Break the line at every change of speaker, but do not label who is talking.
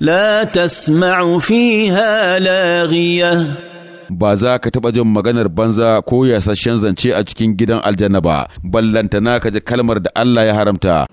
لا تسمع فيها لاغية
ba za ka taɓa jin maganar banza ko yasasshen zance a cikin gidan aljanna ba ballantana ka ji
kalmar da Allah ya haramta